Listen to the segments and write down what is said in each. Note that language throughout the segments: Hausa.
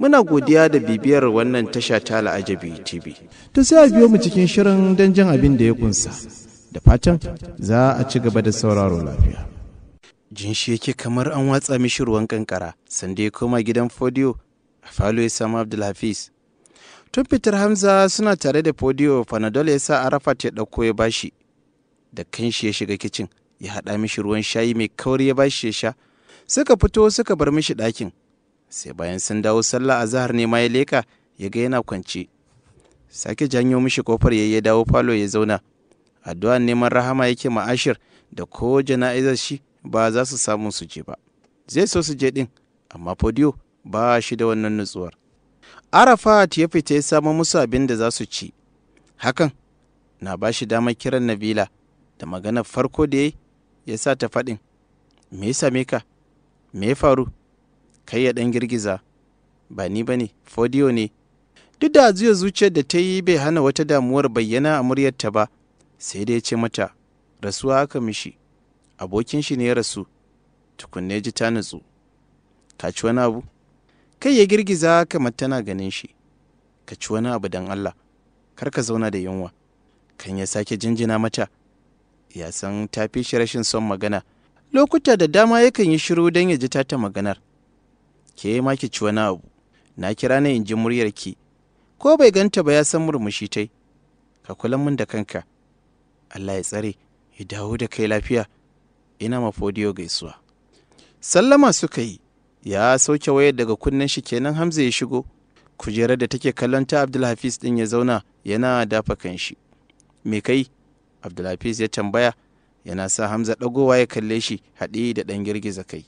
muna godiya da bibiyar wannan tasha ta la'ajabi tv to sai a biyo mu cikin shirin don jin abin da ya kunsa da fatan za a ci gaba da sauraro lafiya jin shi yake kamar an watsa mishi ruwan kankara sanda ya koma gidan fodiyo a falo ya samu abdulhafiz tun fitar hamza suna tare da fodiyo fanadol ya sa arafat ya ɗauko ya bashi da kanshi ya shiga kicin ya haɗa mishi ruwan shayi mai kauri ya bashi ya sha suka fito suka bar mishi ɗakin sai bayan sun dawo sallah a zahar nema ya leka ya ga yana kwance sake janyo mishi kofar ya dawo falo ya zauna addu'a neman rahama yake ma'ashir da ko jana'izar shi ba za su samu su je ba zai so su je din amma fodiyo ba shi da wannan nutsuwar arafat ya fita ya samu musu abin da za su ci hakan na ba shi damar kiran nabila da maganar farko da ya ya sa ta faɗin me ya same ka me ya faru kai ya ɗan girgiza ba ni ba ne fodiyo ne duk da zuya zuciyar da ta yi bai hana wata damuwar bayyana a muryarta ba sai dai ce mata rasuwa aka mishi abokin shi ne ya rasu tukunne ji ta nutsu ka ci wani abu kai ya girgiza kamar tana ganin shi ka ci wani abu don allah kar ka zauna da yunwa kan ya sake jinjina mata ya san ta fi shi rashin son magana lokuta da dama yakan yi shiru don ya ji tata maganar ke ma ki ci wani abu na kira ne in ji muryarki ko bai ganta ba ya san murmushi tai ka kula min da kanka Allah ya tsare ya dawo da kai lafiya ina mafodiyo gaisuwa sallama suka yi ya sauke wayar daga kunnen shi kenan Hamza ya shigo kujerar da take kallon ta Abdulhafiz din ya zauna yana dafa kan shi me kai Abdulhafiz ya tambaya yana sa Hamza dagowa ya kalle shi haɗe da ɗan girgiza kai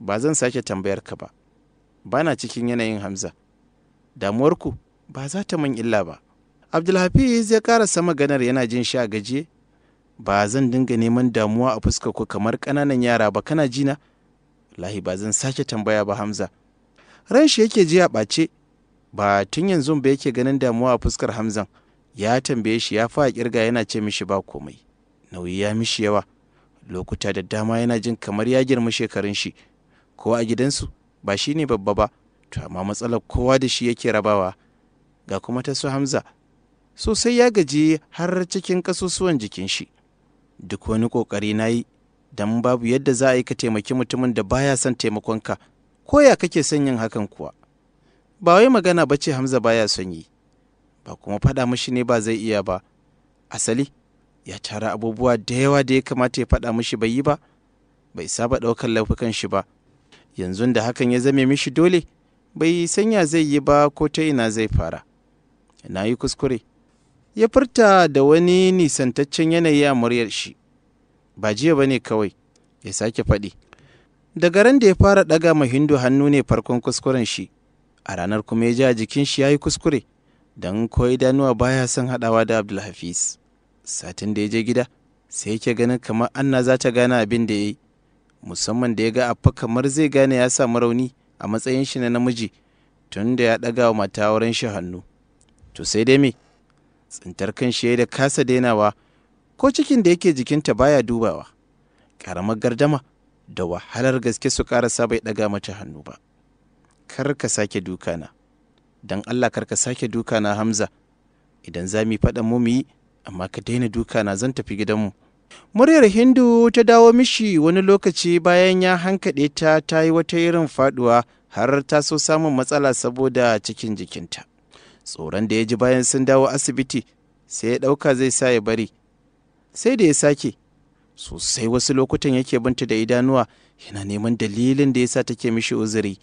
ba zan sake tambayar ka ba bana cikin yanayin hamza Damuwar ku. ba za ta man illa ba abdulhafiz ya karasa maganar yana jin sha gaje ba zan dinga neman damuwa a fuskar ku kamar ƙananan yara ba kana jina lahi ba zan sake tambaya ba hamza ran shi yake ji a ɓace ba tun yanzu ba yake ganin damuwa a fuskar hamzan ya tambaye shi ya fa kirga yana ce mishi ba komai nauyi ya mishi yawa lokuta da dama yana jin kamar ya girma shekarun shi ko a gidansu ba shi ne babba ba to amma matsalar kowa da shi yake rabawa ga kuma ta su hamza sosai ya gaji har cikin ƙasusuwan jikin shi duk wani ƙoƙari na yi don babu yadda za a yi ka taimaki mutumin da baya son taimakonka ko ya kake son yin hakan kuwa ba wai magana ba ce hamza baya son yi ba kuma faɗa mishi ne ba zai iya ba asali ya tara abubuwa da yawa da ya kamata ya faɗa mishi bai yi ba bai saba ɗaukar laifukan shi ba yanzu da hakan ya zame mishi dole bai sanya zai yi ba ko ta ina zai fara na yi kuskure ya furta da wani nisantaccen yanayi a muryar shi ba jiya ba ne kawai ya sake faɗi daga ran da ya fara ɗaga ma hindu hannu ne farkon kuskuren shi a ranar kuma ya ji a jikin shi ya yi kuskure don danuwa ba baya son haɗawa da abdulhafiz satin da ya je gida sai yake ganin kamar anna za ta gane abin da ya yi musamman da ya ga affa kamar zai gane ya samu rauni a matsayin shi na namiji tun da ya ɗaga wa mata wurin shi hannu to sai dai me tsintar kan shi da kasa dainawa ko cikin da yake jikinta baya dubawa karamar gardama da wahalar gaske su karasa bai ɗaga mata hannu ba kar ka sake dukana don allah kar ka sake dukana hamza idan za mu yi faɗa mu yi amma ka daina dukana zan tafi gidanmu Muryar Hindu ta dawo mishi wani lokaci bayan ya hankaɗe ta ta yi wata irin faɗuwa har ta so samun matsala saboda cikin jikinta. Tsoron da ya ji bayan sun dawo asibiti sai ya ɗauka zai sa ya bari. Sai da ya sake, sosai wasu lokutan yake binta da idanuwa yana neman dalilin da ya sa take mishi uzuri.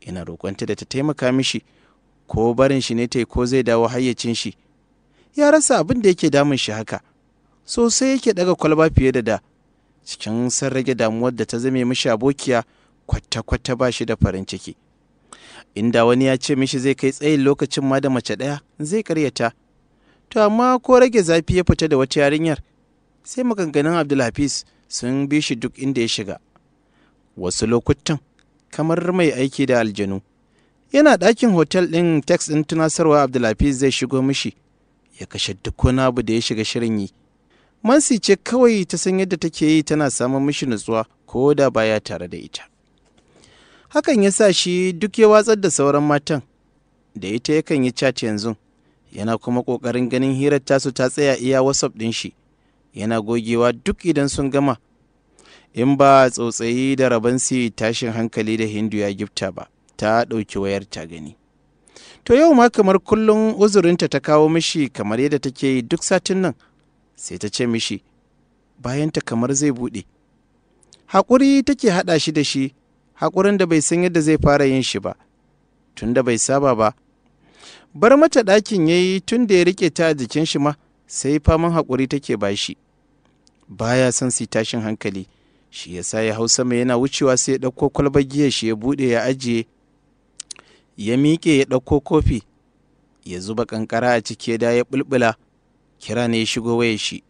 ina roƙonta da ta taimaka mishi ko barin shi ne ta ko zai dawo hayyacin shi. Ya rasa abin da yake damun shi haka. sosai yake daga kwalba fiye da da cikin san rage damuwar da ta zame mishi abokiya kwata-kwata ba shi da farin ciki inda wani ya ce mishi zai kai tsayin lokacin ma da mace ɗaya zai karyata to amma ko rage zafi ya fita da wata yarinyar sai maganganun abdulhafiz sun bi shi duk inda ya shiga wasu lokutan kamar mai aiki da aljanu yana ɗakin hotel ɗin text ɗin tunasarwa abdulhafiz zai shigo mishi ya kashe duk wani abu da ya shiga shirin yi Mansi ce kawai ta san yadda take yi tana samun mishi nutsuwa ko da baya tare da ita. Hakan ya sa shi duk ya watsar da sauran matan da ita yakan yi cat yanzu yana kuma ƙoƙarin ganin hirar tasu ta tsaya iya wasaf ɗin shi yana gogewa duk idan sun gama in ba tsotsayi da rabansi tashin hankali da hindu ya gifta ba ta ɗauki wayar ta gani. To yau ma kamar kullum uzurinta ta kawo mishi kamar yadda take yi duk satin nan sai ta ce mishi bayanta kamar zai buɗe haƙuri take haɗa shi da shi haƙurin da bai san yadda zai fara yin shi ba tun da bai saba ba bar mata ɗakin ya yi tun da ya riƙe ta a jikin shi ma sai faman haƙuri take ba shi baya son su tashin hankali shi ya sa ya hau sama yana wucewa sai ya ɗauko kwalbar giya shi ya buɗe ya ajiye ya miƙe ya ɗauko kofi ya zuba ƙanƙara a ciki ya da ya ɓulɓula kira ne ya shigo waya shi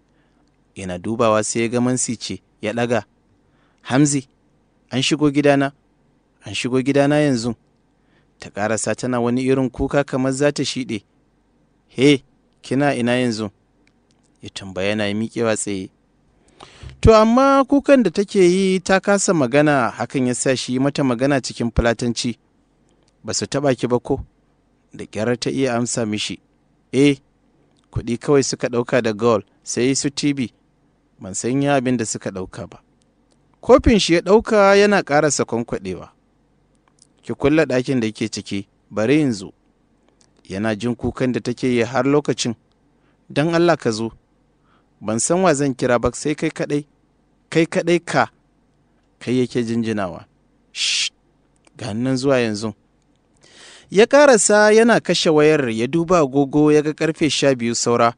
yana dubawa sai ya ga mansi ce ya ɗaga hamzi an shigo gidana an shigo gidana yanzu ta ƙarasa tana wani irin kuka kamar za ta shiɗe he kina ina yanzu ya tambaya yana miƙewa tsaye to amma kukan da take yi ta kasa magana hakan ya sa shi mata magana cikin fulatanci ba su taɓa ki ba ko da ƙyarar ta iya amsa mishi eh kuɗi kawai suka ɗauka da gol sai su tibi ban san ya abin da suka ɗauka ba kofin shi ya ɗauka yana ƙarasa kwankwaɗewa ki kulle ɗakin da yake ciki bari in zo yana jin kukan da take yi har lokacin don allah ka zo ban san wa zan kira ba sai kai kaɗai kai kaɗai ka kai yake jinjinawa shh ga nan zuwa yanzu ya karasa yana kashe wayar ya duba agogo ya ga karfe sha biyu saura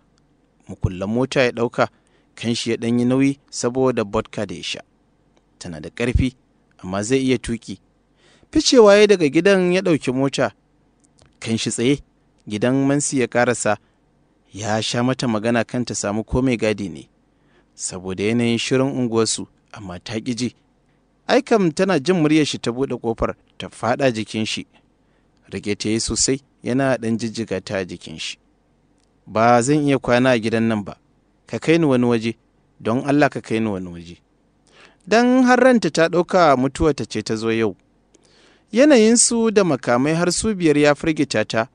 mukullan mota ya ɗauka kanshi ya ɗanyi nauyi saboda vodka da ya sha tana da ƙarfi amma zai iya tuki ficewa ya daga gidan ya ɗauki mota kanshi tsaye gidan mansi ya karasa ya sha mata magana kan ta samu komai gadi ne saboda yanayin shirin unguwarsu amma ta ƙi ji aikam tana jin muryar shi ta buɗe ƙofar ta faɗa jikin shi rike ta yi sosai yana ɗan jijjiga ta jikin shi ba zan iya kwana a gidan nan ba ka kai ni wani waje don allah ka kai ni wani waje don har ranta ta ɗauka mutuwa ta ce ta zo yau yanayinsu da makamai har su biyar ya firgita ta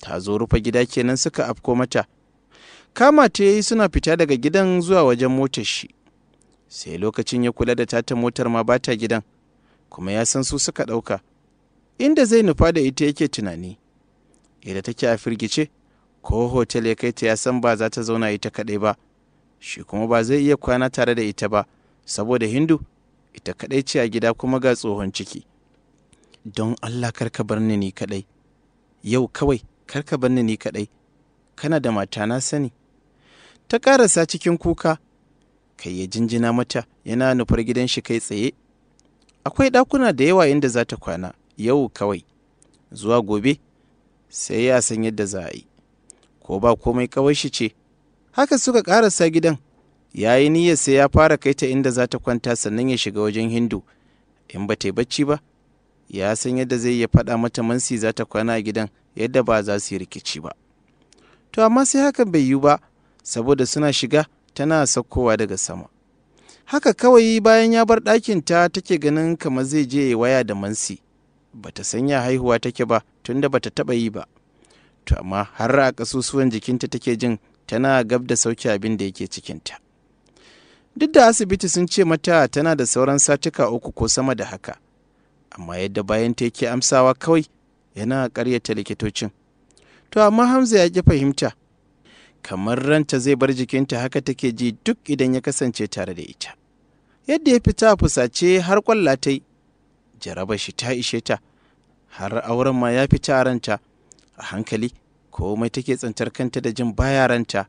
ta zo rufe gida kenan suka afko mata kama ta yi suna fita daga gidan zuwa wajen motar shi sai lokacin ya kula da tata motar ma bata gidan kuma ya san su suka ɗauka inda zai nufa da ita yake tunani idan take a firgice ko hotel ya kai ta ya san ba za ta zauna ita kaɗai ba shi kuma ba zai iya kwana tare da ita ba saboda hindu ita kaɗai ce a gida kuma ga tsohon ciki don allah karka bar ni ni kaɗai yau kawai karka bar ni ni kaɗai kana da mata na sani ta karasa cikin kuka kai ya jinjina mata yana nufar gidan shi kai tsaye akwai ɗakuna da yawa inda za ta kwana yau kawai zuwa gobe sai ya san yadda za a yi ko ba komai kawai shi ce haka suka karasa gidan ya yi niyyar sai ya fara kai ta inda za ta kwanta sannan ya shiga wajen hindu in ba ta yi bacci ba ya san yadda zai ya faɗa mata mansi za ta kwana a gidan yadda ba za su yi rikici ba to amma sai hakan bai yiwu ba saboda suna shiga tana saukowa daga sama haka kawai bayan ya bar ɗakin ta take ganin kamar zai je ya waya da mansi bata sanya haihuwa take ba tunda bata taba yi ba to amma har a kasusuwan jikinta take jin tana gab da sauki abin da yake cikinta duk da asibiti sun ce mata tana da sauran satuka uku ko sama da haka amma yadda bayan ta yake amsawa kawai yana karyata likitocin to amma hamza ya ƙi fahimta kamar ranta zai bar jikinta haka take ji duk idan ya kasance tare da ita yadda ya fita a fusace har kwallatai jarabar shi ta ishe ta har auren ma ya fita a ranta a hankali komai take tsantar kanta da jin baya ranta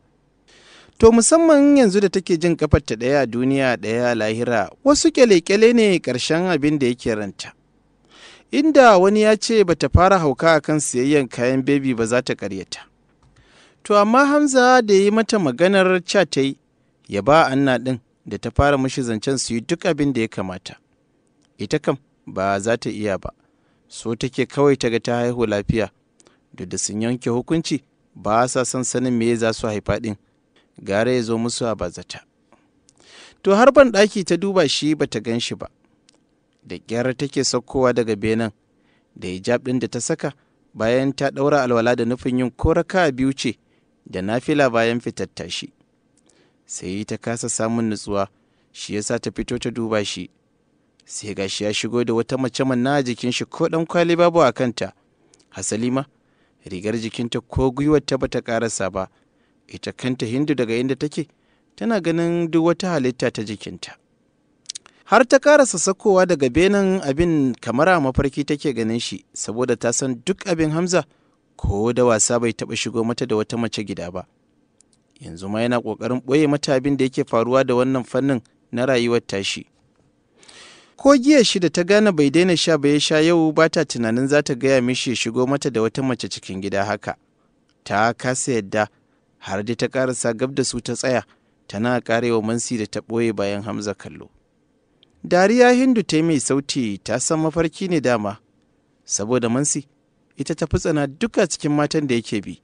to musamman yanzu da take jin kafarta ɗaya a duniya ɗaya lahira wasu kyale-kyale ne ƙarshen abin da yake ranta inda wani ya ce ba ta fara hauka a kan siyayyen kayan bebi ba za ta karyata to amma hamza da ya yi mata maganar catai ya ba anna ɗin da ta fara mashi zancen su yi duk abin da ya kamata ita kam ba za ta iya ba so take kawai ta ga ta haihu lafiya duk da sun yanke hukunci ba sa san sanin me za su haifa ɗin gara ya zo musu a bazata to har ban ɗaki ta duba shi ba ta gan shi ba da ƙyar take saukowa daga benin da hijab ɗin da ta saka bayan ta ɗaura alwala da nufin yin koraka biyu ce da nafila bayan fitattashi sai ta kasa samun nutsuwa shi yasa ta fito ta duba shi sai gashi ya shigo da wata mace manna a jikin shi ko dan kwali babu a kanta hasalima rigar jikinta ko gwiwar ta bata karasa ba ita kanta hindu daga inda take tana ganin duk wata halitta ta jikinta har ta karasa sakowa daga benin abin kamar a mafarki take ganin shi saboda ta san duk abin hamza ko da wasa bai taba shigo mata da wata mace gida ba yanzu ma yana kokarin ɓoye mata abin da yake faruwa da wannan fannin na rayuwar tashi ko giya shi da ta gane bai daina sha ba ya sha yau ba ta tunanin za ta gaya mishi ya shigo mata da wata mace cikin gida haka ta kasa yadda har da ta karasa gab da su ta tsaya tana karewa mansi da ta ɓoye bayan hamza kallo dariya hindu ta mai sauti ta san mafarki ne dama saboda mansi ita ta fitsana duka cikin matan da yake bi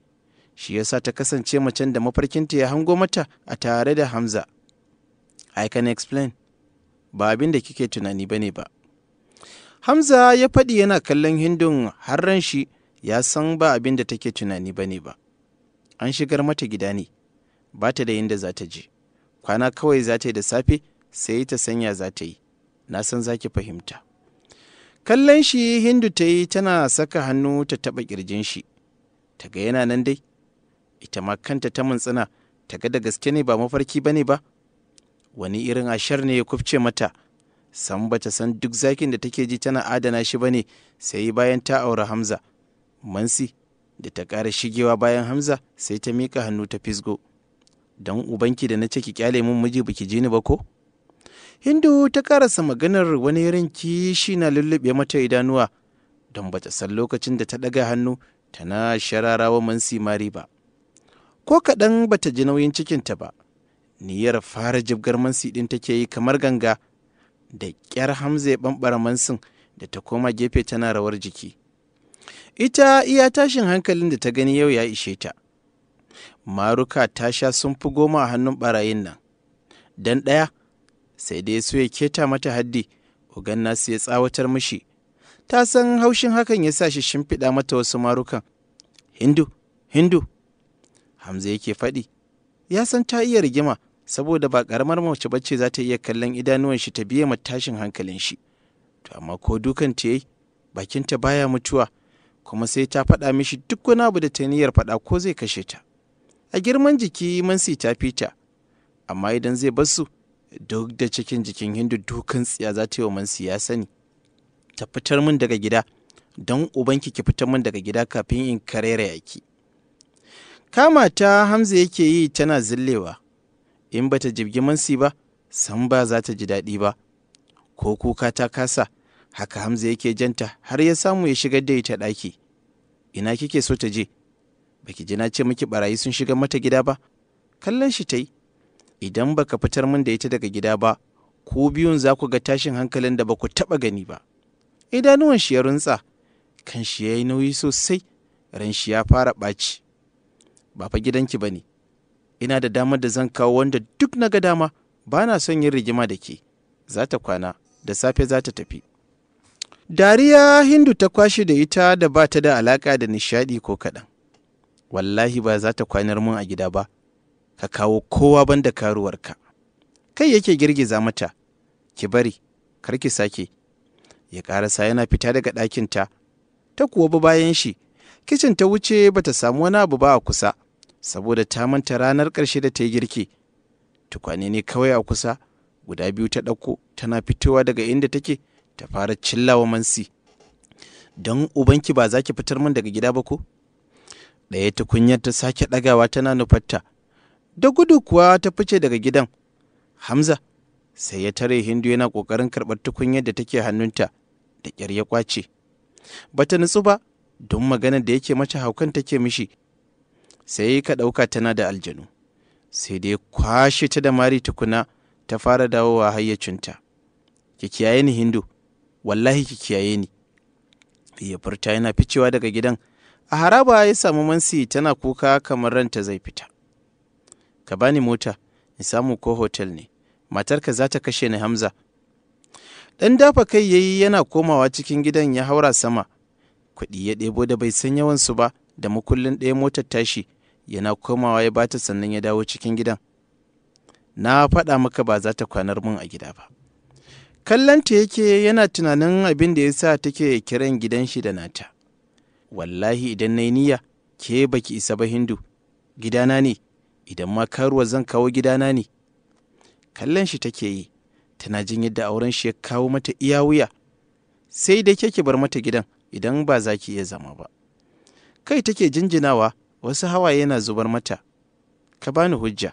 shi yasa ta kasance macen da mafarkinta ya hango mata a tare da hamza i can explain ba abin da kike tunani ba ne ba hamza ya faɗi yana kallon hindun har ran shi ya san ba abin da take tunani ba ne ba an shigar mata gida ne ba ta da inda za ta je kwana kawai za ta yi da safe sai ta sanya za ta yi na san za ki fahimta kallon shi hindu ta yi tana saka hannu ta taɓa ƙirjin shi ta ga yana nan dai ita ma kanta ta muntsina ta ga da gaske ne ba mafarki ba ne ba wani irin ashar ne ya kufce mata san bata san duk zakin da take ji tana adana shi bane sai bayan ta auri hamza mansi da ta ƙara shigewa bayan hamza sai ta miƙa hannu ta fisgo don ubanki da na ce ki kyale mun miji biki ji ni ba ko hindu ta karasa maganar wani irin kishi na lullube mata idanuwa don bata san lokacin da ta ɗaga hannu tana shararawa mansi mari ba ko kaɗan bata ji nauyin cikinta ba niyyar fara jibgar mansi ɗin take yi kamar ganga da ƙyar hamza ya ɓamɓara mansin da ta koma gefe tana rawar jiki ita iya tashin hankalin da ta gani yau ya ishe ta maruka ta sha sun fi goma a hannun barayin nan dan ɗaya sai dai so ya keta mata haddi ogan nasu ya tsawatar mishi ta san haushin hakan ya sa shi shimfiɗa mata wasu marukan hindu hindu hamza yake faɗi ya san ta iya rigima saboda ba karamar mace bace za ta iya kallon idanuwan shi ta biye matashin tashin hankalin shi to amma ko dukan ta yayi bakin ta baya mutuwa kuma sai ta faɗa mishi duk wani abu da ta niyyar faɗa ko zai kashe ta a girman jiki mansi ta fita amma idan zai bar su duk da cikin jikin hindu dukan tsiya za ta yi wa mansi ya sani ta fitar min daga gida don ubanki ki fitar min daga gida kafin in karera yaki kama ta hamza yake yi tana zillewa in ba ta jibgi mansi ba san ba za ta ji daɗi ba ko kuka ta kasa haka hamza yake janta har ya samu ya shigar da ita ɗaki ina kike so ta je baki ji na ce miki barayi sun shiga mata gida ba kallon shi ta yi idan baka fitar min da ita daga gida ba ko biyun za ku ga tashin hankalin da ba ku taɓa gani ba idanuwan shi ya runtsa kan shi ya yi nauyi sosai ran shi ya fara ɓaci ba fa gidanki ba ne ina da damar da zan kawo wanda duk na ga dama ba na son yin rigima da ke za ta kwana da safe za ta tafi dariya hindu ta kwashe da ita da ba ta da alaka da nishadi ko kaɗan wallahi ba za ta kwanar mun a gida ba ka kawo kowa banda karuwarka kai yake girgiza mata ki bari kar ki sake ya karasa yana fita daga ɗakinta ta kuwa ba bayan shi kicin ta wuce bata samu wani abu ba a kusa saboda ta manta ranar ƙarshe da ta yi girki tukwane ne kawai a kusa guda biyu ta ɗauko tana fitowa daga inda take ta fara cillawa mansi don ubanki ba za ki fitar min daga gida ba ko ɗaya ta kunyar ta sake ɗagawa tana nufarta da gudu kuwa ta fice daga gidan hamza sai ya tare hindu yana ƙoƙarin karɓar tukunyar da take hannunta da ƙyar ya kwace bata nutsu ba don maganar da yake mata haukan take mishi sai ka ɗauka tana da aljanu sai dai kwashe ta da mari tukuna ta fara dawowa hayyacinta ki kiyaye ni hindu wallahi ki kiyaye ni ya furta yana ficewa daga gidan a haraba ya samu mansi tana kuka kamar ranta zai fita ka bani mota in samu ko hotel ne matarka za ta kashe ni hamza ɗan dafa kai ya yi yana komawa cikin gidan ya haura sama kuɗi ya ɗebo da bai san yawansu ba da makullin ɗaya motar tashi yana komawa ya bata sannan ya dawo cikin gidan na faɗa maka ba za ta kwanar mun a gida ba ta yake yana tunanin abin da ya sa take kiran gidan shi da nata wallahi idan na yi niyya ke baki isa ba hindu gidana ne idan ma karuwa zan kawo gidana ne kallon shi take yi tana jin yadda auren shi ya kawo mata iya wuya sai dai ke bar mata gidan idan ba za ki iya zama ba kai take jinjinawa wasu hawaye na zubar mata ka bani hujja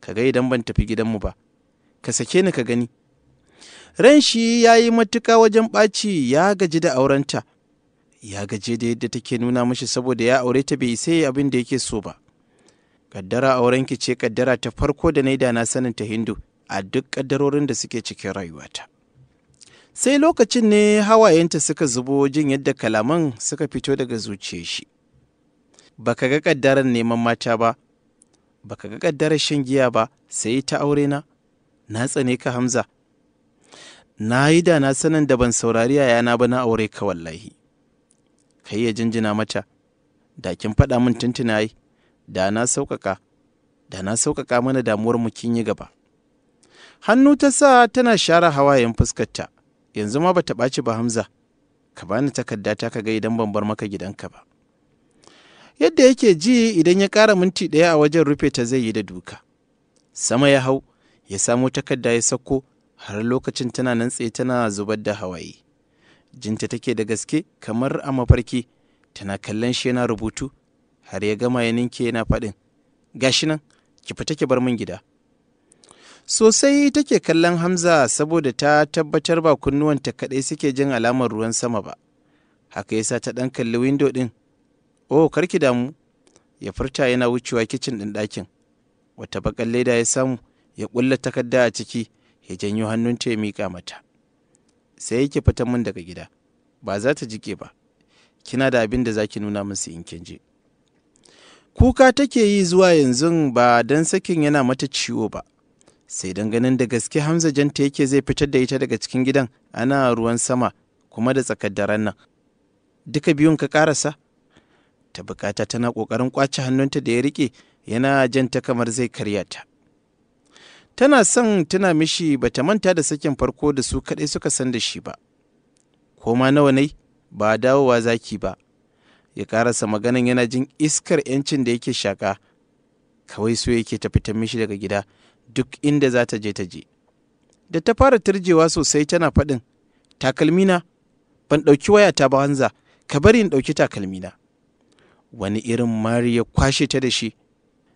ka ga idan ban tafi gidanmu ba ka sake ni ka gani ran shi ya yi matuka wajen ɓaci ya gaji da aurenta ya gaje da yadda take nuna mashi saboda ya aure ta bai sai abin da yake so ba kaddara aurenki ce kaddara ta farko da naida na sanin ta hindu a duk kaddarorin da suke cikin rayuwata sai lokacin ne hawayenta suka zubo jin yadda kalaman suka fito daga zuciyar shi Ba ka ga ƙaddarar neman mata ba ba ka ga ƙaddarar shan giya ba sai ta aure na na tsane ka hamza na yi da na sanin da ban saurari yayana ba na aure ka wallahi ka iya jinjina mata da kin faɗa min tuntuna yi da na sauƙaƙa da na sauƙaƙa mana damuwar mu kin yi gaba hannu ta sa tana share hawayen fuskarta yanzu ma bata ɓaci ba hamza ka bani takarda ta ga idan ban bar maka gidanka ba yadda yake ji idan ya ƙara minti ɗaya a wajen rufe ta zai yi da duka sama ya hau ya samo takarda ya sako har lokacin tana nan tsaye tana zubar da hawaye jinta take da gaske kamar a mafarki tana kallon shi yana rubutu har ya gama ya ninke yana faɗin gashi nan ki fita ki bar min gida sosai take kallon hamza saboda ta tabbatar ba kunnuwanta kaɗai suke jin alamar ruwan sama ba haka yasa ta ɗan kalli windo ɗin oh karki damu ya furta yana wucewa kicin ɗin ɗakin wata bakan leda ya samu ya ƙulla takarda a ciki ya janyo hannunta ya miƙa mata sai yake fita min daga gida ba za ta jike ba kina da abin da za ki nuna musu in kin je kuka take yi zuwa yanzu ba don sakin yana mata ciwo ba sai don ganin da gaske hamza janta yake zai fitar da ita daga cikin gidan ana ruwan sama kuma da tsakar daren nan duka biyun ka karasa ta bukata tana ƙoƙarin ƙwace hannunta da ya riƙe yana janta kamar zai karya ta. Tana son tana mishi ba ta manta da sakin farko da su kadai suka san da shi ba. Ko ma nawa ne ba dawowa zaki ba. Ya karasa maganan yana jin iskar 'yancin da yake shaka Kawai so yake ta fitan mishi daga gida duk inda za ta je ta je. Da ta fara turjewa sosai tana faɗin takalmina ban ɗauki wayata ba hanza ka bari in ɗauki takalmina. wani irin mari ya kwashe ta da shi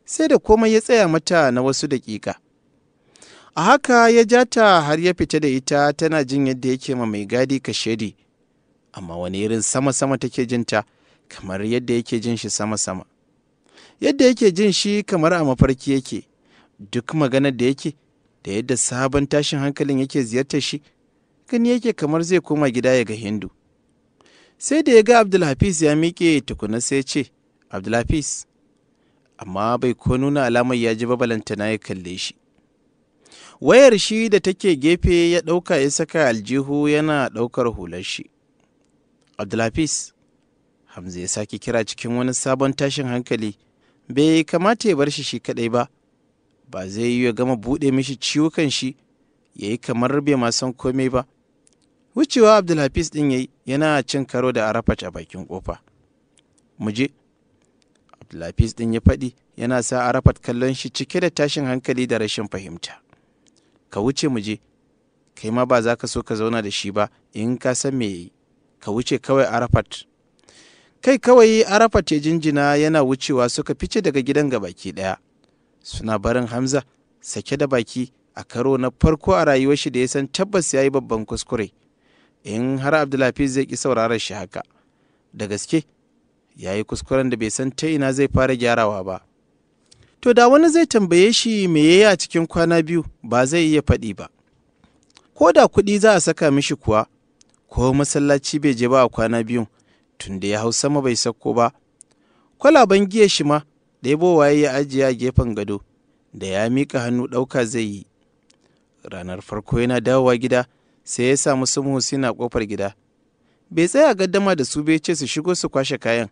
sai da komai ya tsaya mata na wasu daƙiƙa a haka ya ja ta har ya fita da ita tana jin yadda yake ma mai gadi ka kashedi amma wani irin sama-sama take jinta kamar yadda yake jin shi sama-sama yadda yake jin shi kamar a mafarki yake duk maganar da yake da yadda sabon tashin hankalin yake ziyartar shi gani yake kamar zai koma gida ya ga hindu sai da ya ga abdulhafiz ya miƙe tukuna sai ce abdulhafiz amma bai ko nuna alamar ya ji babalanta na ya kalle shi wayar shi da take gefe ya ɗauka ya saka aljihu yana ɗaukar hular shi abdulhafiz hamza ya sake kira cikin wani sabon tashin hankali bai kamata ya bar shi shi kaɗai ba ba zai yi ya gama buɗe mishi ciwukan shi ya yi kamar bai ma san komai ba wucewa abdulhafiz ɗin yayi yana cin karo da arafat a bakin kofa mu je abdulhafiz ɗin ya faɗi yana sa arafat kallon shi cike da tashin hankali da rashin fahimta ka wuce mu je kai ma ba za ka so ka zauna da shi ba in ka san me yayi ka wuce kawai arafat kai kawai arafat ya jinjina yana wucewa suka fice daga gidan ga baki ɗaya suna barin hamza sake da baki a karo na farko a rayuwar shi da ya san tabbas ya yi babban kuskure in har abdulhafiz zai ki sauraron shi haka da gaske ya yi kuskuren da bai san ta ina zai fara gyarawa ba to da wani zai tambaye shi me yayi a cikin kwana biyu ba zai iya faɗi ba ko da kuɗi za a saka mishi kuwa ko masallaci bai je ba a kwana biyun tun da ya hau sama bai sakko ba kwalaban giya shi ma ɗebo waye ya ajiye a gefen gado da ya mika hannu ɗauka zai yi ranar farko yana dawowa gida sai ya samu su Muhsin a kofar gida. Bai tsaya gaddama da su bai ce su shigo su kwashe kayan.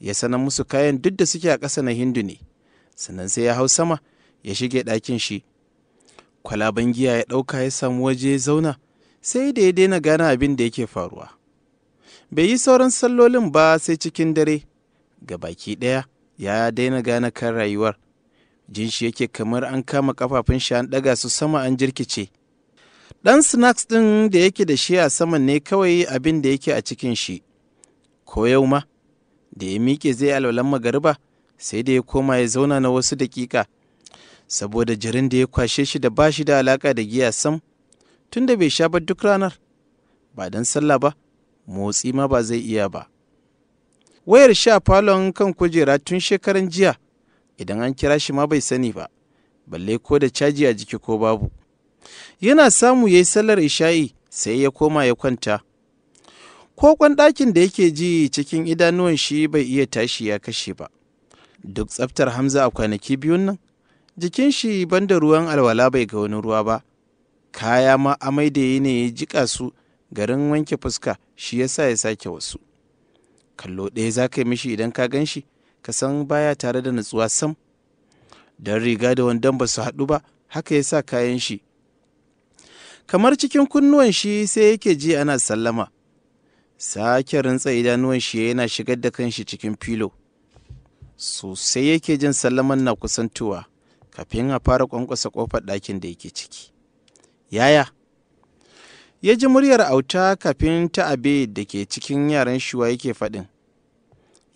Ya sanar musu kayan duk da suke a ƙasa na Hindu ne. Sannan sai ya hau sama ya shige ɗakin shi. Kwalaban giya ya ɗauka ya samu waje ya zauna sai da ya daina gane abin da yake faruwa. Bai yi sauran sallolin ba sai cikin dare. Ga baki ɗaya ya daina gane kan rayuwar. Jin shi yake kamar an kama kafafun shi an ɗaga su sama an jirkice. ɗan snacks ɗin da yake da shi a saman ne kawai abin da yake a cikin shi ko yau ma da ya miƙe zai alwalan magariba sai da ya koma ya zauna na wasu daƙiƙa saboda jirin da ya kwashe shi da ba shi da alaƙa da giya sam tun da bai sha ba duk ranar ba don sallah ba motsi ma ba zai iya ba wayar sha falon kan kujera tun shekaran jiya idan an kira shi ma bai sani ba balle ko da caji a jiki ko babu yana samu ya yi sallar isha'i sai ya koma ya kwanta ko kwan ɗakin da yake ji cikin idanuwan shi bai iya tashi ya kashe ba duk tsaftar hamza a kwanaki biyun nan jikin shi banda ruwan alwala bai ga wani ruwa ba kaya ma amai da yi ne ya jika su garin wanke fuska shi ya sa ya sake wasu kallo ɗaya za ka yi mishi idan ka gan shi ka san baya tare da natsuwa sam don riga da wandon ba su haɗu ba haka ya sa kayan shi kamar cikin kunnuwan shi sai yake ji ana sallama sake rintsa idanuwan shi yana shigar da kanshi cikin filo sosai yake jin sallaman na kusantowa kafin a fara kwankwasa kofar ɗakin da yake ciki yaya ya ji muryar auta kafin ta abe da ke cikin yaran shuwa yake faɗin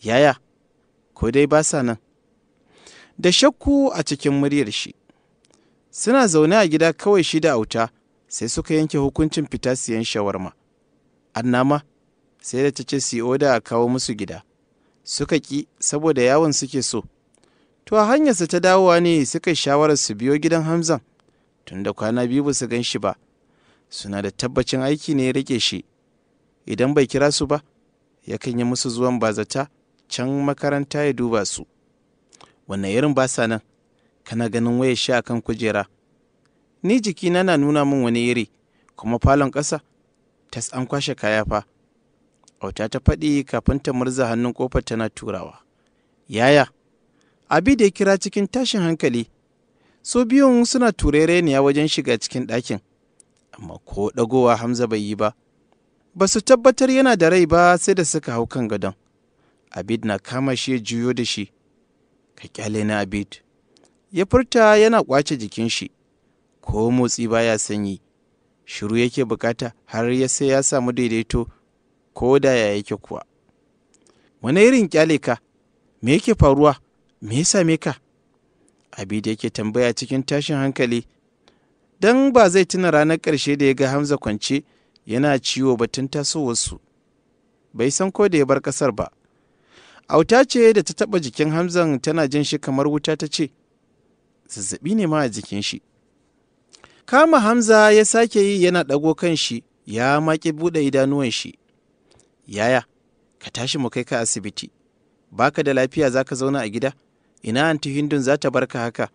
yaya ko dai ba sa nan da shakku a cikin muryar shi suna zaune a gida kawai shi da auta sai suka yanke hukuncin fita siyan shawarma annama sai da ta ce siyo da a kawo musu gida suka ƙi saboda yawon suke so to a hanyarsa ta dawowa ne suka shawarar su biyo gidan hamzan tunda kwana biyu ba su gan shi ba suna da tabbacin aiki ne ya rike shi idan bai kira su ba yakan yi musu zuwan bazata can makaranta ya duba su wannan irin ba sa nan kana ganin waya shi kan kujera ni jiki na nuna min wani iri kuma falon ƙasa tas an kwashe kaya fa auta ta faɗi kafin ta murza hannun ƙofar tana turawa yaya abi da ya kira cikin tashin hankali so biyun suna turereniya wajen shiga cikin ɗakin amma ko ɗagowa hamza bai yi ba ba su tabbatar yana da rai ba sai da suka hau kan gadon abid na kama shi ya juyo da shi ka kyale na abid ya furta yana kwace jikin shi ko motsi baya sanyi shiru yake bukata har ya sai ya samu daidaito ko da ya yake kuwa wani irin kyale ka me yake faruwa me ya same ka abi da yake tambaya cikin tashin hankali Dan ba zai tuna ranar ƙarshe da ya ga hamza kwance yana ciwo batun wasu. bai san ko da ya bar ƙasar ba auta ce da ta taɓa jikin hamzan tana jin shi kamar wuta ta ce zazzaɓi ne ma a jikin shi kama hamza ya sake yi yana ɗago kan shi ya maƙi buɗe idanuwan shi yaya ka tashi mu kai ka asibiti baka da lafiya zaka zauna a gida ina anti hindun za ta barka haka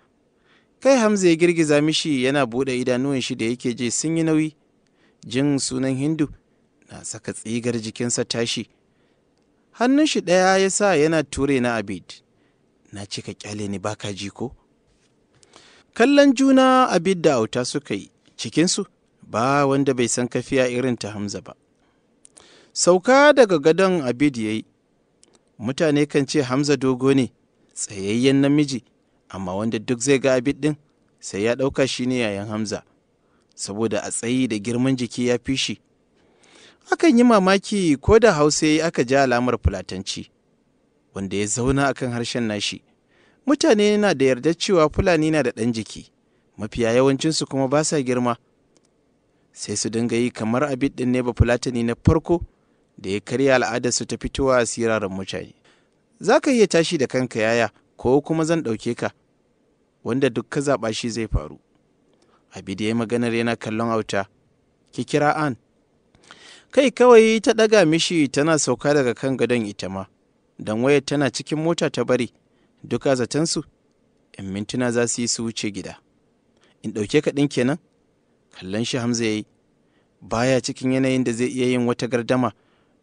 kai hamza ya girgiza mishi yana buɗe idanuwan shi da yake je sun yi nauyi jin sunan hindu na saka tsigar jikinsa tashi hannun shi ɗaya ya sa yana ture na abid na cika kyale ni baka ji ko kallon juna abin da auta suka yi cikinsu ba wanda bai san kafiya irin ta hamza ba sauka daga gadon abid ya yi mutane kan ce hamza dogo ne tsayayyen namiji amma wanda duk zai ga abid ɗin, sai ya ɗauka shi ne yayan hamza saboda a tsayi da girman jiki ya fi shi akan yi mamaki ko da hausa aka ja alamar fulatanci wanda ya zauna akan harshen nashi mutane na da yarda cewa fulani na da ɗan jiki mafiya yawancinsu kuma ba sa girma sai su dinga yi kamar abin ɗin ne ba fulatani na farko da ya karya al'adar su ta fitowa a siraran mutane za ka iya tashi da kanka yaya ko kuma zan ɗauke ka wanda duk ka zaɓa shi zai faru abi da ya maganar yana kallon auta ki kira an kai kawai ta ɗaga mishi tana sauka daga kan gadon ita ma don wayar tana cikin mota ta bari duka su ‘yan mintuna za su yi su wuce gida in ɗauke ka ɗin kenan kallon shi hamza ya yi baya cikin yanayin da zai iya yin wata gardama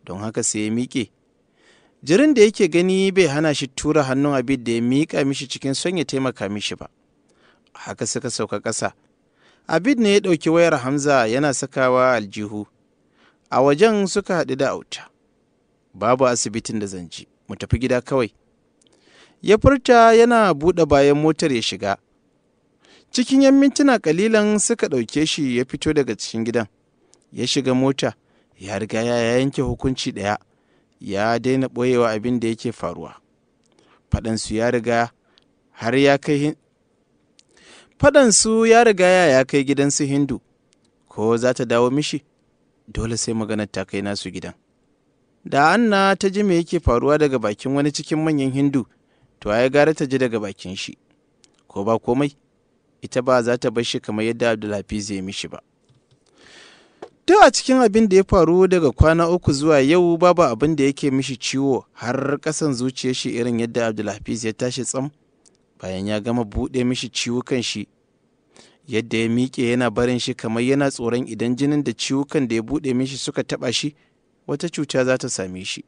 don haka sai ya miƙe jirin da yake gani bai hana shi tura hannun abin da ya miƙa mishi cikin son ya taimaka mishi ba haka suka sauka ƙasa abid ne ya ɗauki wayar hamza yana sakawa aljihu a wajen suka haɗu da auta babu asibitin da zan mu tafi gida kawai ya furta yana buɗe bayan motar ya shiga cikin yan mintuna kalilan suka ɗauke shi ya fito daga cikin gidan ya shiga mota ya riga ya yanke hukunci ɗaya ya daina ɓoyewa abin da yake faruwa faɗansu ya riga har ya kai faɗansu ya riga ya kai gidansu hindu ko za ta dawo mishi dole sai maganar ta kai nasu gidan da anna ta ji me yake faruwa daga bakin wani cikin manyan hindu to ya gara ta ji daga bakin shi ko ba komai ita ba za ta bar shi kamar yadda abdulhafiz ya mishi ba Da a cikin abin da ya faru daga kwana uku zuwa yau babu abin da yake mishi ciwo har kasan zuciyar shi irin yadda abdulhafiz ya tashi tsam bayan ya gama buɗe mishi ciwukan shi yadda ya miƙe yana barin shi kamar yana tsoron idan jinin da ciwukan da ya buɗe mishi suka taɓa shi wata cuta za ta same shi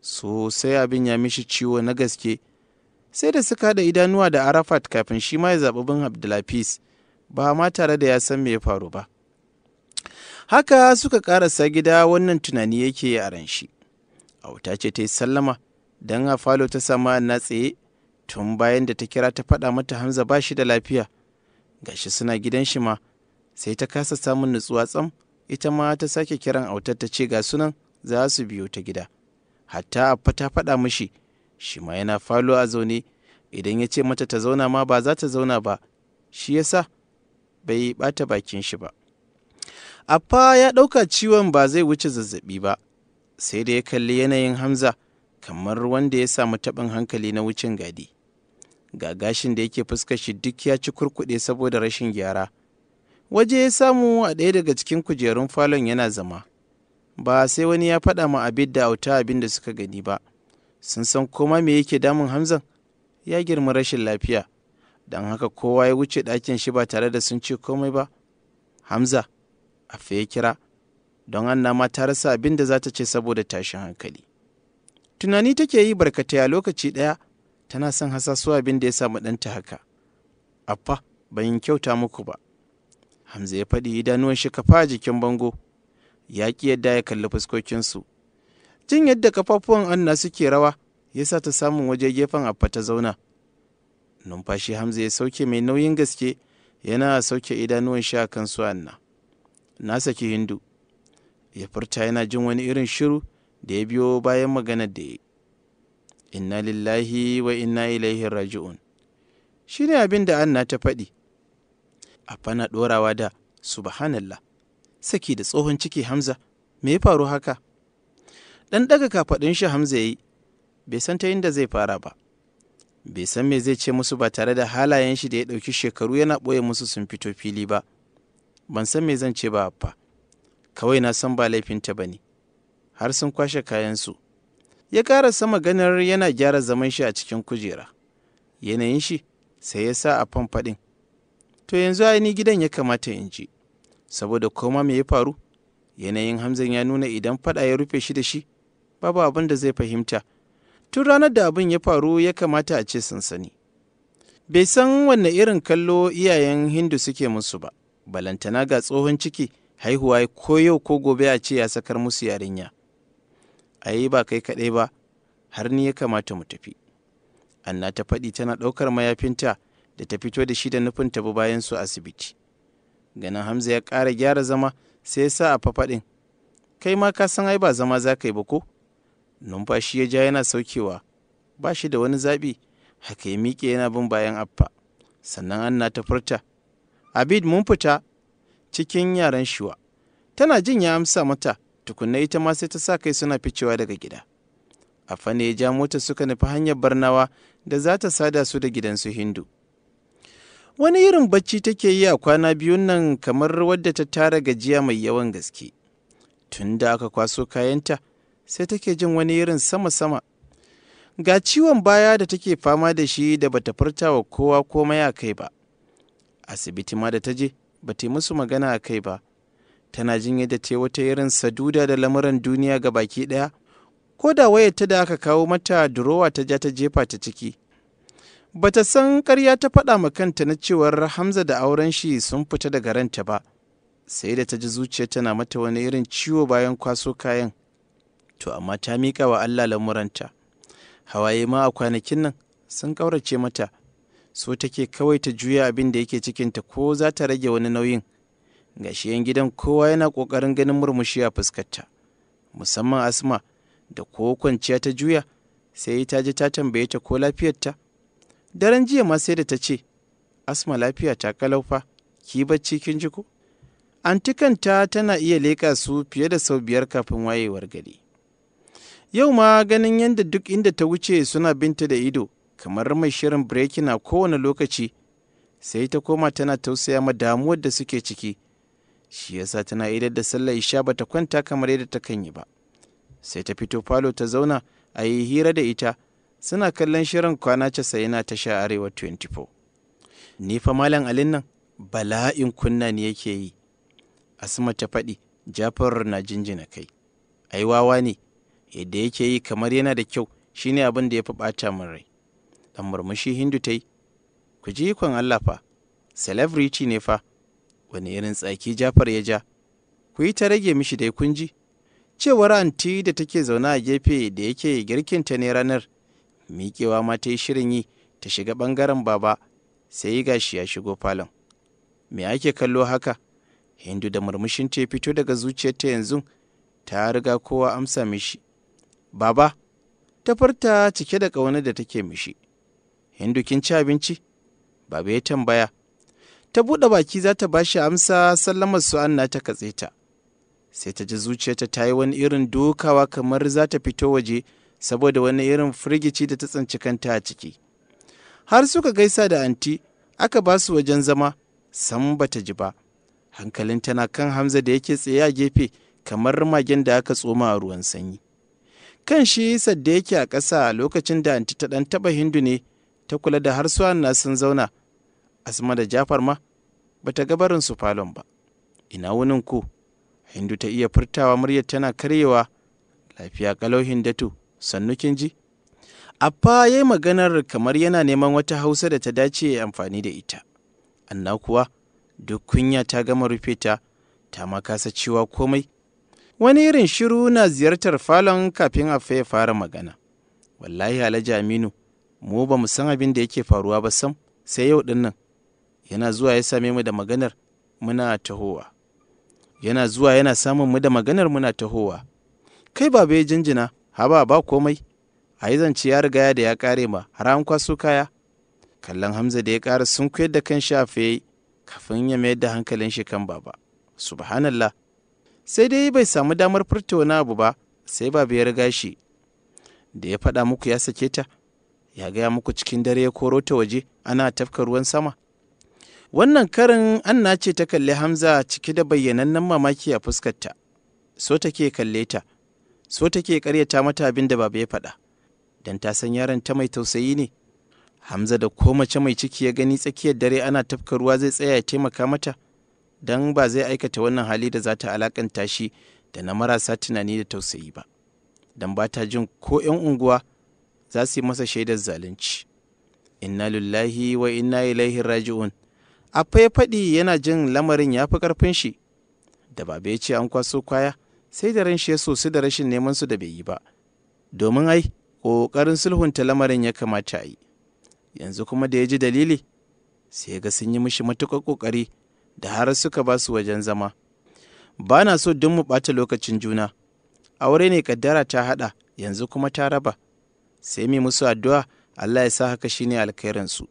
Sosai abin ya mishi ciwo na gaske sai da suka haɗa idanuwa da arafat kafin shi ma ya zaɓi bin abdulafis ba ma tare da ya san me ya faru ba haka suka karasa gida wannan tunani yake a ran shi auta ce ta yi sallama don a falo ta sama na tsaye tun bayan da ta kira ta faɗa mata hamza ba shi da lafiya gashi suna gidan shi ma sai ta kasa samun nutsuwa tsam ita ma ta sake kiran autar ta ce ga sunan za su biyo ta gida hatta a ta faɗa mishi shi ma yana falo a zaune idan ya ce mata ta zauna ma ba za ta zauna ba shi yasa bai bata bakin shi ba affa ya ɗauka ciwon ba zai wuce zazzaɓi ba sai da ya kalli yanayin hamza kamar wanda ya samu taɓin hankali na wucin gadi ga gashin da yake fuska shi duk ya ci kurkuɗe saboda rashin gyara waje ya samu a ɗaya daga cikin kujerun falon yana zama ba sai wani ya faɗa ma abid da auta abin da suka gani ba sun san koma me yake damun hamzan ya girma rashin lafiya don haka kowa ya wuce ɗakin shi ba tare da sun ce komai ba hamza a ya kira don anna ma ta rasa abin da za ta ce saboda tashin hankali tunani take yi barkatai a lokaci ɗaya tana son hasasuwa abin da ya samu ɗanta haka affa ban yi kyauta muku ba hamza ya faɗi idanuwan shi kafa a jikin bango ya ƙi yadda ya kalli fuskokinsu jin yadda kafafuwan anna suke rawa ya sa ta samun waje gefen abba ta zauna numfashi hamza ya sauke mai nauyin gaske yana sauke idanuwan shi a kan su anna na saki hindu ya furta yana jin wani irin shiru da ya biyo bayan maganar da ya inna lillahi wa inna ilaihi raji'un shi ne abin da anna ta faɗi Abba na ɗorawa da subhanallah saki da tsohon ciki hamza me ya faru haka ɗan ɗaga kafaɗin shi Hamza ya yi, bai san ta inda zai fara ba. Bai san me zai ce musu ba tare da halayen shi da ya ɗauki shekaru yana ɓoye musu sun fito fili ba. Ban san me zan ce ba fa. Kawai na san ba laifinta ba ne. Har sun kwashe kayansu. Ya ƙara sama ganar yana gyara zaman shi a cikin kujera. Yanayin shi sai ya sa a famfaɗin. To yanzu ni gidan ya kamata in ji. Saboda koma me ya faru, yanayin Hamzan ya nuna idan faɗa ya rufe shi da shi, babu abin da zai fahimta tun ranar da abin ya faru ya kamata a ce sansani. bai san wanne irin kallo iyayen hindu suke musu ba balantana ga tsohon ciki haihuwa ko yau ko gobe a ce ya sakar musu yarinya a yi ba kai kaɗai ba har ni ya kamata mu tafi anna ta faɗi tana ɗaukar mayafinta da ta fito da shi da nufin tabi bayan su asibiti ganin hamza ya ƙara gyara zama sai ya sa a fafaɗin kai ma ka san ai ba zama za ka yi ba ko numfashi ya ja yana saukewa ba shi da wani zaɓi haka ya miƙe yana bin bayan affa sannan anna ta furta abid mun fita cikin yaran shiwa tana jin ya amsa mata tukunna ita ma sai ta sa kai suna ficewa daga gida affa ne ya ja mota suka nufi hanyar barnawa da za ta sada su da gidansu hindu wani irin bacci take yi a kwana biyun nan kamar wadda ta tara gajiya mai yawan gaske tun da aka kwaso kayanta sai take jin wani irin sama-sama ga ciwon baya da take fama da shi da bata furta wa kowa komai a kai ba asibiti ma da ta je ba ta musu magana a kai ba tana jin yadda ta wata irin saduda da lamuran duniya ga baki ɗaya ko da wayar ta da aka kawo mata durowa ta ja ta jefa ta ciki bata san karya ta faɗa ma kanta na cewar hamza da auren shi sun fita daga ranta ba sai da ta ji zuciya tana mata wani irin ciwo bayan kwaso kayan to amma ta miƙa wa Allah lamuranta hawaye ma a kwanakin nan sun ƙaurace mata so take kawai ta juya abin da yake cikinta ko za ta rage wani nauyin gashi yan gidan kowa yana ƙoƙarin ganin murmushi a fuskarta musamman asma da ko kwanciya ta juya sai ta ji ta tambaye ta ko lafiyarta daren jiya ma sai da ta ce asma lafiya ta kalaufa ki bacci kin ji ko antikanta tana iya leƙa su fiye da sau biyar kafin wayewar gari Yau ma ganin yadda duk inda ta wuce suna binta da ido, kamar mai shirin bireki na kowane lokaci, sai ta koma tana tausaya ma damuwar da suke ciki. Shi yasa tana idar da Sallah isha ba ta kwanta kamar yadda ta kan yi ba. Sai ta fito falo ta zauna a yi hira da ita, suna kallon shirin kwana casa'ina ta sha arewa 24. Ni fa malam alin nan bala'in kunna ne yake yi. Asma ta faɗi, Jafar na jinjina kai. Ai wawa ne, yadda yake yi kamar yana da kyau shine abin da ya fi ɓata min rai ɗan murmushi hindu ta yi ku ji ikon allah fa celebrity ne fa wani irin tsaki jafar ya ja ku yi ta rage mishi dai kun ji cewar anti da take zaune a gefe da yake girkinta ne ranar miƙewa ma ta yi shirin yi ta shiga ɓangaren baba sai gashi ya shigo falon me ake kallo haka hindu da murmushin ta ya fito daga zuciyarta yanzu ta riga kowa amsa mishi Baba, ta farta cike da ƙauna da take mishi. Hindu kin ci abinci? Baba ya tambaya. Ta buɗe baki za ta bashi amsa sallamar su Anna ta katse ta. Sai ta ji zuciyarta ta yi wani irin dokawa kamar za ta fito waje saboda wani irin firgici da ta tsanci kanta a ciki. Har suka gaisa da anti, aka ba su wajen zama, sam bata ji ba. Hankalin tana kan Hamza da yake tsaye a gefe kamar magen da aka tsoma a ruwan sanyi. kan shi sadda yake a ƙasa lokacin da anti ta ɗan taɓa hindu ne ta kula da har na sun zauna asma da jafar ma bata ga gabarin su falon ba ina wunin ku hindu ta iya furtawa muryar tana karyewa lafiya kalau datu sannu kin ji affa ya yi maganar kamar yana neman wata hausa da ta dace ya amfani da ita anna kuwa duk kunya ta gama rufe ta ta ma kasa cewa komai wani irin shiru na ziyartar falon kafin a ya fara magana wallahi alhaji aminu mu ba mu san abin da yake faruwa ba sam sai yau din nan yana zuwa ya same mu da maganar muna tahowa yana zuwa yana samun mu da maganar muna tahowa kai ba bai jinjina haba ba komai a yi zance ya riga da ya kare ma har an kwaso kaya kallon hamza da ya kara sun koyar da kan shafe kafin ya mayar da hankalin shi kan baba subhanallah sai dai bai samu damar furta wani abu ba sai babu ya riga shi da ya faɗa muku ya sake ta ya gaya muku cikin dare ya koro ta waje ana tafka ruwan sama wannan karin anna ce ta kalli hamza cike da bayyanannen mamaki a fuskarta so take kalle ta so take karyata mata abin da baba ya faɗa don ta san yaron ta mai tausayi ne hamza da ko mace mai ciki ya gani tsakiyar dare ana tafka ruwa zai tsaya ya taimaka mata don ba zai aikata wannan hali da za ta alakanta shi da na marasa tunani da tausayi ba don ba ta jin ko 'yan unguwa za su yi masa shaidar zalunci inna lillahi wa inna ilaihi raji'un a faɗi yana jin lamarin ya fi ƙarfin shi da baba ya ce an kwaso kwaya sai da ran shi ya sosu da rashin neman su da bai yi ba domin ai ƙoƙarin sulhunta lamarin ya kamata a yi yanzu kuma da ya ji dalili sai ga sun yi mishi matuƙar ƙoƙari da har suka ba su wajen zama ba na so don mu ɓata lokacin juna aure ne kaddara ta haɗa yanzu kuma ta raba sai mai musu addu'a allah ya sa haka shine alkhairinsu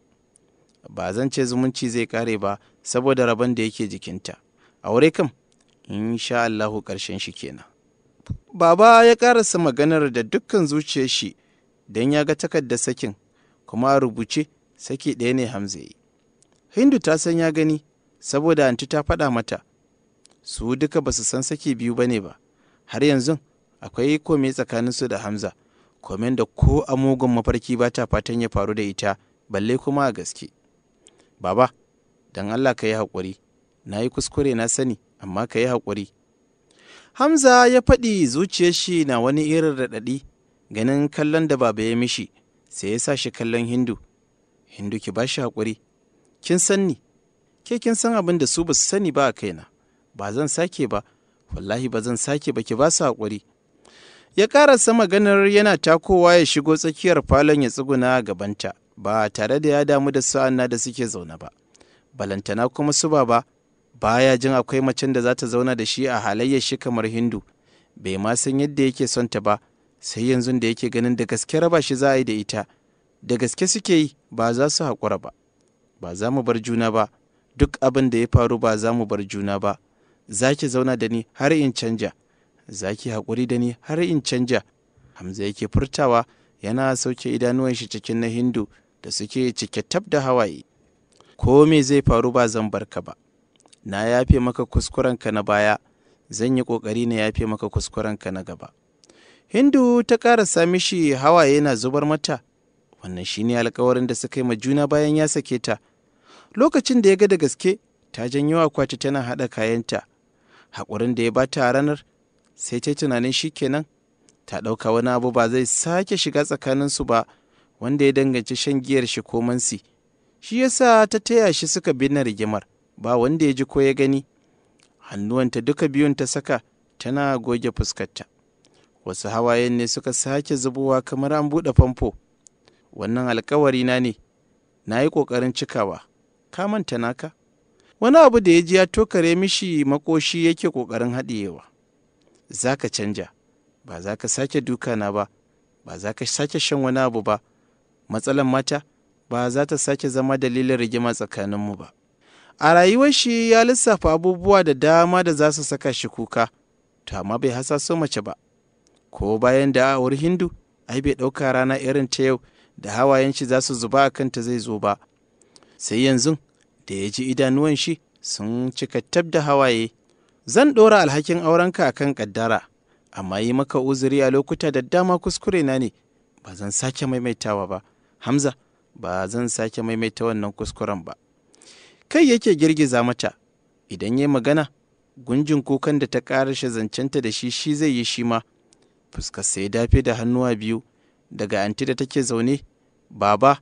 ba zan ce zumunci zai kare ba saboda rabon da yake jikinta aure kam insha allahu ƙarshen shi kenan baba ya ƙarasa maganar da dukkan zuciyar shi don ya ga takardar sakin kuma a rubuce saki ɗaya ne hamza yi hindu ta san ya gani saboda anti ta faɗa mata su duka ba su san saki biyu ba ne ba har yanzu akwai kome tsakaninsu da hamza komen da ko a mugun mafarki ba ta fatan ya faru da ita balle kuma a gaske baba don allah ka yi haƙuri na yi kuskure na sani amma ka yi haƙuri hamza ya faɗi zuciyar shi na wani irin raɗaɗi ganin kallon da baba ya mishi sai ya sa shi kallon hindu hindu ki ba shi haƙuri kin sanni. ke kin san abin da su ba su sani ba a kaina ba zan sake ba wallahi ba zan sake ba ki ba su haƙuri ya ƙarasa maganar yana takowa ya shigo tsakiyar falon ya tsuguna gabanta ba tare da ya damu da sa'anna da suke zauna ba balantana kuma su ba baya jin akwai macen da za ta zauna da shi a halayya shi kamar hindu bai ma san yadda yake son ta ba sai yanzu da yake ganin da gaske raba shi za a yi da ita da gaske suke yi ba za su haƙura ba ba za mu bar juna ba duk abin da ya faru ba za mu bar juna ba za ki zauna da ni har in canja za ki haƙuri da ni har in canja hamza yake furtawa yana sauke idanuwan shi cikin na hindu da suke cike tab da hawaye ko me zai faru ba zan bar ka ba na yafe maka kuskuren ka na baya zan yi ƙoƙari na yafe maka kuskuren ka na gaba hindu ta ƙarasa mishi hawaye na zubar mata wannan shine alkawarin da suka yi ma juna bayan ya sake ta lokacin da ya ga da gaske ta janyo akwati tana haɗa kayanta haƙurin da ya ba ta ranar sai ta tunanin shi kenan ta ɗauka wani abu ba zai sake shiga tsakaninsu ba wanda ya danganci shan giyar shi ko mansi shi yasa ta taya shi suka binne rigimar ba wanda ya ji ko ya gani hannuwanta duka biyun ta saka tana goge fuskarta wasu hawayen ne suka sake zubowa kamar an buɗe famfo wannan alkawari na ne na yi ƙoƙarin cikawa ka manta naka wani abu da ya ji ya tokare mishi makoshi yake ƙoƙarin haɗiyewa za ka canja ba za ka sake dukana ba ba za ka sake shan wani abu ba matsalan mata ba za ta sake zama dalilin rigima tsakaninmu ba a rayuwar shi ya lissafa abubuwa da dama da za su saka shi kuka to amma bai hasaso mace ba ko bayan da awar hindu ai bai ɗauka rana irin ta yau da hawayen shi za su zuba a kanta zai zo ba sai yanzu da ya ji idanuwan shi sun cika tab da hawaye zan ɗora alhakin aurenka a kan ƙaddara amma yi maka uzuri a lokuta da dama kuskure na ne ba zan sake maimaitawa ba hamza ba zan sake maimaita wannan kuskuren ba kai yake girgiza mata idan ya magana gunjin kukan da ta ƙarashe zancenta da shi shi zai yi shi ma fuskar sai dafe da hannuwa biyu daga anti da take zaune baba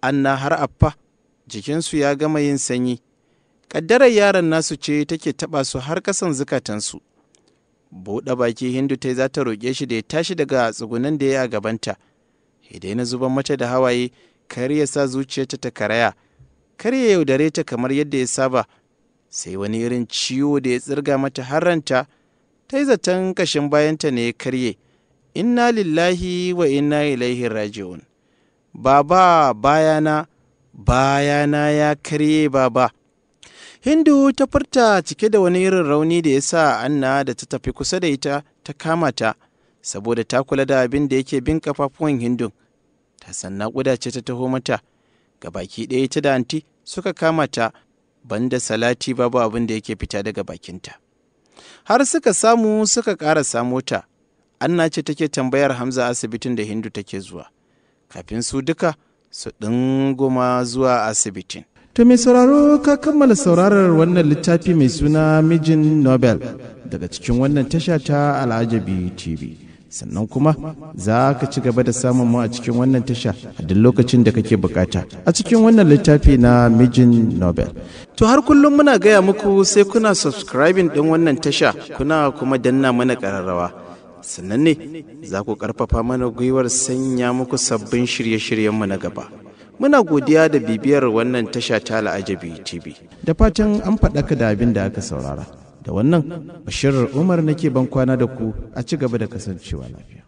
anna har affa jikinsu ya gama yin sanyi ƙaddarar yaron nasu ce take taɓa su har ƙasan zukatansu buɗe baki hindu ta za ta roƙe shi da ya tashi daga tsugunan da ya a gabanta idan na zuban mata da hawaye kar ya sa zuciyarta ta karaya kar ya yaudare ta kamar yadda ya saba sai wani irin ciwo da ya tsirga mata harranta ta yi zaton kashin bayanta ne ya karye inna lillahi wa inna ilaihi raji'un baba bayana bayana ya karye baba hindu ta furta cike da wani irin rauni da ya sa anna da ta tafi kusa da ita ta kama ta saboda ta kula da abin da yake bin kafafuwan hindu ta sanna kudace ta taho mata ga baki ɗaya ta da anti suka kama ta banda salati babu abin da yake fita daga bakinta har suka samu suka ƙara samu ta anna ce take tambayar hamza asibitin da hindu take zuwa kafin su duka su ɗinguma zuwa asibitin. To mai sauraro ka kammala saurarar wannan littafi mai suna mijin Nobel daga cikin wannan tasha ta Al'ajabi TV. Sannan kuma za ka ci gaba da samun mu a cikin wannan tasha a duk lokacin da kake bukata a cikin wannan littafi na mijin Nobel. To har kullum muna gaya muku sai kuna subscribing ɗin wannan tasha kuna kuma danna mana ƙararrawa. sannan ne za ku ƙarfafa mana gwiwar sanya muku sabbin shirye-shiryenmu na gaba muna godiya da bibiyar wannan tasha ta la'ajabi tv da fatan an faɗaka da abin da aka saurara da wannan bashirar umar nake ban kwana da ku a ci gaba da kasancewa lafiya